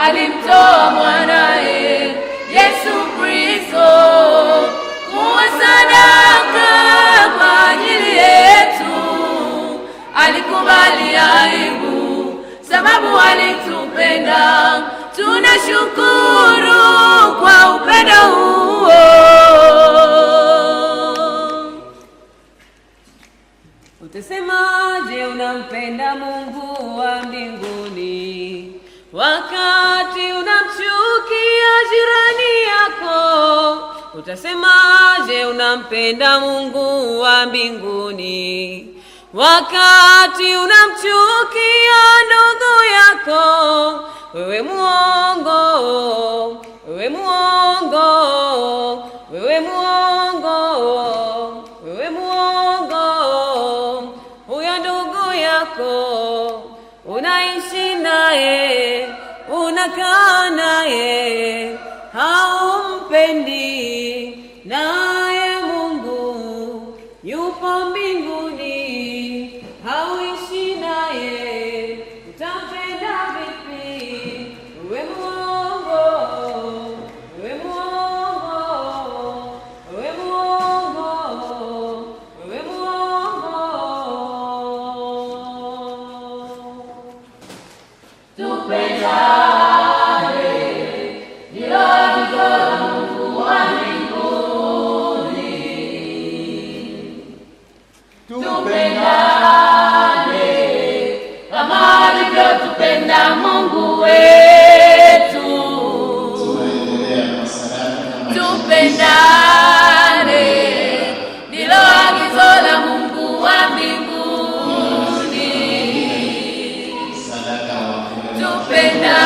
alimtoa mwanaye Yesu Kristo kuwa sadaka kwa ajili yetu. Alikubali aibu sababu alitupenda. Tunashukuru kwa upendo huo. Utasemaje unampenda Mungu wa mbinguni Wakati unamchukia jirani yako utasemaje? Unampenda Mungu wa mbinguni. Wakati unamchukia ndugu yako, wewe muongo, wewe muongo, wewe muongo, wewe muongo. Huyo ndugu yako unaishi naye Anakaa naye haumpendi, naye Mungu yupo mbinguni, hauishi naye, utampenda vipi? We mwongo, we we we tupenda tupendane kama alivyotupenda Mungu wetu, tupendane ndilo agizo la Mungu wa mbinguni, tupendane